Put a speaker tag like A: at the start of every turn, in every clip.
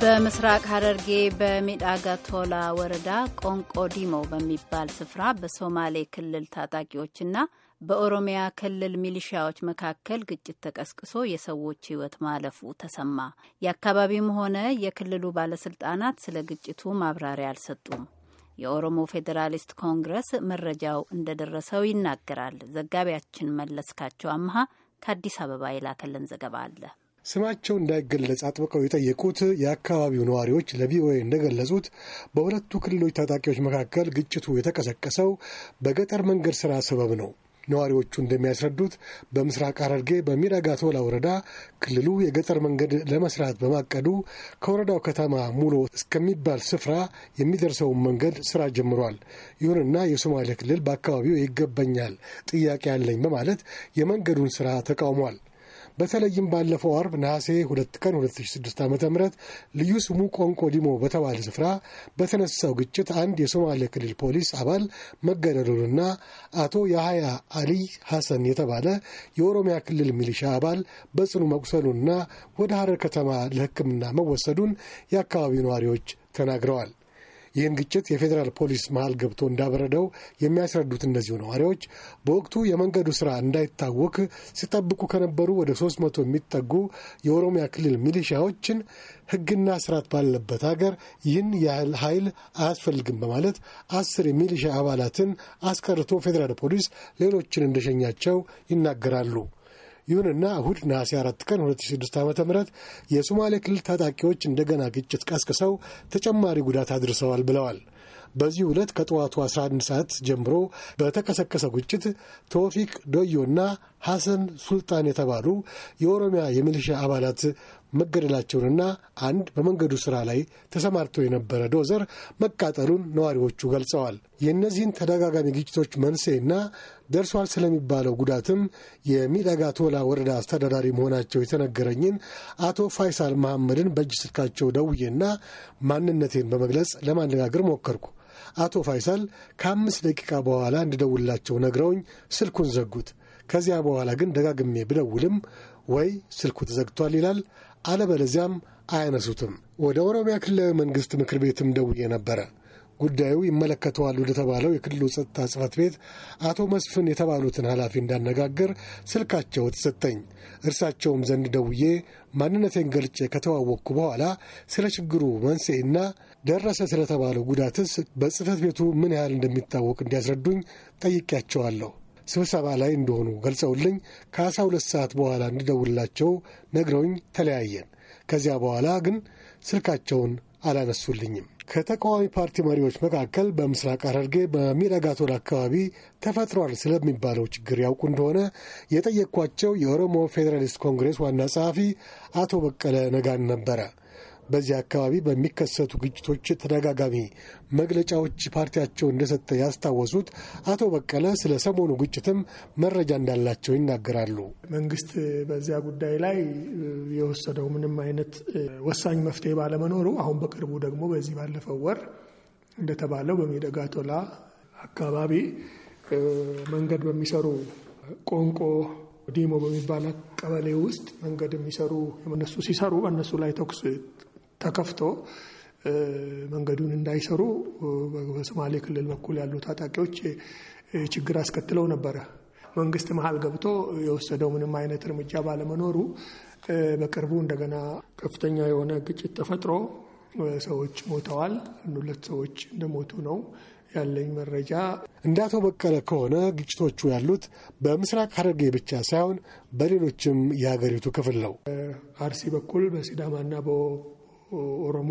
A: በምስራቅ ሀረርጌ በሚዳጋ ቶላ ወረዳ ቆንቆ ዲሞ በሚባል ስፍራ በሶማሌ ክልል ታጣቂዎችና በኦሮሚያ ክልል ሚሊሺያዎች መካከል ግጭት ተቀስቅሶ የሰዎች ሕይወት ማለፉ ተሰማ። የአካባቢውም ሆነ የክልሉ ባለስልጣናት ስለ ግጭቱ ማብራሪያ አልሰጡም። የኦሮሞ ፌዴራሊስት ኮንግረስ መረጃው እንደደረሰው ይናገራል። ዘጋቢያችን መለስካቸው አምሃ ከአዲስ አበባ የላከልን ዘገባ አለ።
B: ስማቸው እንዳይገለጽ አጥብቀው የጠየቁት የአካባቢው ነዋሪዎች ለቪኦኤ እንደገለጹት በሁለቱ ክልሎች ታጣቂዎች መካከል ግጭቱ የተቀሰቀሰው በገጠር መንገድ ስራ ሰበብ ነው። ነዋሪዎቹ እንደሚያስረዱት በምስራቅ ሐረርጌ በሚረጋ ቶላ ወረዳ ክልሉ የገጠር መንገድ ለመስራት በማቀዱ ከወረዳው ከተማ ሙሎ እስከሚባል ስፍራ የሚደርሰውን መንገድ ስራ ጀምሯል። ይሁንና የሶማሌ ክልል በአካባቢው ይገባኛል ጥያቄ አለኝ በማለት የመንገዱን ስራ ተቃውሟል። በተለይም ባለፈው አርብ ነሐሴ ሁለት ቀን 2006 ዓ ም ልዩ ስሙ ቆንቆ ዲሞ በተባለ ስፍራ በተነሳው ግጭት አንድ የሶማሌ ክልል ፖሊስ አባል መገደሉንና አቶ የሀያ አሊ ሐሰን የተባለ የኦሮሚያ ክልል ሚሊሻ አባል በጽኑ መቁሰሉንና ወደ ሐረር ከተማ ለሕክምና መወሰዱን የአካባቢው ነዋሪዎች ተናግረዋል። ይህን ግጭት የፌዴራል ፖሊስ መሀል ገብቶ እንዳበረደው የሚያስረዱት እነዚሁ ነዋሪዎች በወቅቱ የመንገዱ ስራ እንዳይታወክ ሲጠብቁ ከነበሩ ወደ ሶስት መቶ የሚጠጉ የኦሮሚያ ክልል ሚሊሻዎችን ህግና ስርዓት ባለበት ሀገር ይህን ያህል ኃይል አያስፈልግም በማለት አስር የሚሊሻ አባላትን አስቀርቶ ፌዴራል ፖሊስ ሌሎችን እንደሸኛቸው ይናገራሉ። ይሁንና እሁድ ነሐሴ 4 ቀን 2006 ዓ ም የሶማሌ ክልል ታጣቂዎች እንደገና ግጭት ቀስቅሰው ተጨማሪ ጉዳት አድርሰዋል ብለዋል። በዚህ ዕለት ከጠዋቱ 11 ሰዓት ጀምሮ በተቀሰቀሰ ግጭት ዶዮ ዶዮና ሐሰን ሱልጣን የተባሉ የኦሮሚያ የሚሊሻ አባላት መገደላቸውንና አንድ በመንገዱ ስራ ላይ ተሰማርቶ የነበረ ዶዘር መቃጠሉን ነዋሪዎቹ ገልጸዋል። የእነዚህን ተደጋጋሚ ግጭቶች መንስኤና ደርሷል ስለሚባለው ጉዳትም የሚለጋ ቶላ ወረዳ አስተዳዳሪ መሆናቸው የተነገረኝን አቶ ፋይሳል መሐመድን በእጅ ስልካቸው ደውዬና ማንነቴን በመግለጽ ለማነጋገር ሞከርኩ። አቶ ፋይሳል ከአምስት ደቂቃ በኋላ እንድደውላቸው ነግረውኝ ስልኩን ዘጉት። ከዚያ በኋላ ግን ደጋግሜ ብደውልም ወይ ስልኩ ተዘግቷል ይላል፣ አለበለዚያም አያነሱትም። ወደ ኦሮሚያ ክልላዊ መንግስት ምክር ቤትም ደውዬ ነበረ። ጉዳዩ ይመለከተዋል ወደተባለው የክልሉ ጸጥታ ጽህፈት ቤት አቶ መስፍን የተባሉትን ኃላፊ እንዳነጋግር ስልካቸው ተሰጠኝ። እርሳቸውም ዘንድ ደውዬ ማንነቴን ገልጬ ከተዋወቅኩ በኋላ ስለ ችግሩ መንስኤና ደረሰ ስለተባለው ጉዳትስ በጽህፈት ቤቱ ምን ያህል እንደሚታወቅ እንዲያስረዱኝ ጠይቄያቸዋለሁ። ስብሰባ ላይ እንደሆኑ ገልጸውልኝ ከአስራ ሁለት ሰዓት በኋላ እንድደውላቸው ነግረውኝ ተለያየን። ከዚያ በኋላ ግን ስልካቸውን አላነሱልኝም። ከተቃዋሚ ፓርቲ መሪዎች መካከል በምስራቅ ሐረርጌ በሚረጋቶል አካባቢ ተፈጥሯል ስለሚባለው ችግር ያውቁ እንደሆነ የጠየቅኳቸው የኦሮሞ ፌዴራሊስት ኮንግሬስ ዋና ጸሐፊ አቶ በቀለ ነጋን ነበረ። በዚህ አካባቢ በሚከሰቱ ግጭቶች ተደጋጋሚ መግለጫዎች ፓርቲያቸው እንደሰጠ ያስታወሱት አቶ በቀለ ስለ ሰሞኑ ግጭትም መረጃ እንዳላቸው ይናገራሉ።
C: መንግስት በዚያ ጉዳይ ላይ የወሰደው ምንም አይነት ወሳኝ መፍትሄ ባለመኖሩ አሁን በቅርቡ ደግሞ በዚህ ባለፈው ወር እንደተባለው ቶላ አካባቢ መንገድ በሚሰሩ ቆንቆ ዲሞ በሚባል ቀበሌ ውስጥ መንገድ የሚሰሩ እነሱ ሲሰሩ እነሱ ላይ ተኩስ ተከፍቶ መንገዱን እንዳይሰሩ በሶማሌ ክልል በኩል ያሉ ታጣቂዎች ችግር አስከትለው ነበረ። መንግስት መሀል ገብቶ የወሰደው ምንም አይነት እርምጃ ባለመኖሩ በቅርቡ እንደገና ከፍተኛ የሆነ ግጭት ተፈጥሮ ሰዎች ሞተዋል። ሁለት ሰዎች እንደሞቱ ነው ያለኝ መረጃ።
B: እንደ አቶ በቀለ ከሆነ ግጭቶቹ ያሉት በምስራቅ ሐረርጌ ብቻ ሳይሆን በሌሎችም የሀገሪቱ ክፍል ነው።
C: አርሲ በኩል በሲዳማና ኦሮሞ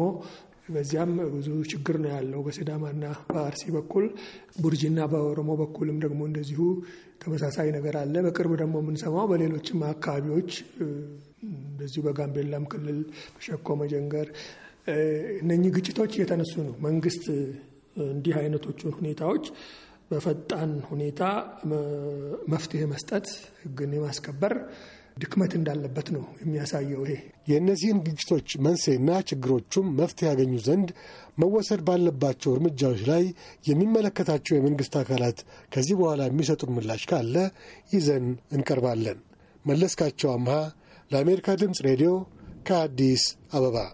C: በዚያም ብዙ ችግር ነው ያለው። በሲዳማና በአርሲ በኩል ቡርጂና በኦሮሞ በኩልም ደግሞ እንደዚሁ ተመሳሳይ ነገር አለ። በቅርብ ደግሞ የምንሰማው በሌሎችም አካባቢዎች እንደዚሁ በጋምቤላም ክልል በሸኮ መጀንገር እነኚህ ግጭቶች እየተነሱ ነው። መንግስት እንዲህ አይነቶቹ ሁኔታዎች በፈጣን ሁኔታ መፍትሄ መስጠት፣ ህግን የማስከበር ድክመት እንዳለበት ነው የሚያሳየው። ይሄ
B: የእነዚህን ግጭቶች መንስኤና ችግሮቹም መፍትሄ ያገኙ ዘንድ መወሰድ ባለባቸው እርምጃዎች ላይ የሚመለከታቸው የመንግስት አካላት ከዚህ በኋላ የሚሰጡን ምላሽ ካለ ይዘን እንቀርባለን። መለስካቸው አምሃ ለአሜሪካ ድምፅ ሬዲዮ ከአዲስ አበባ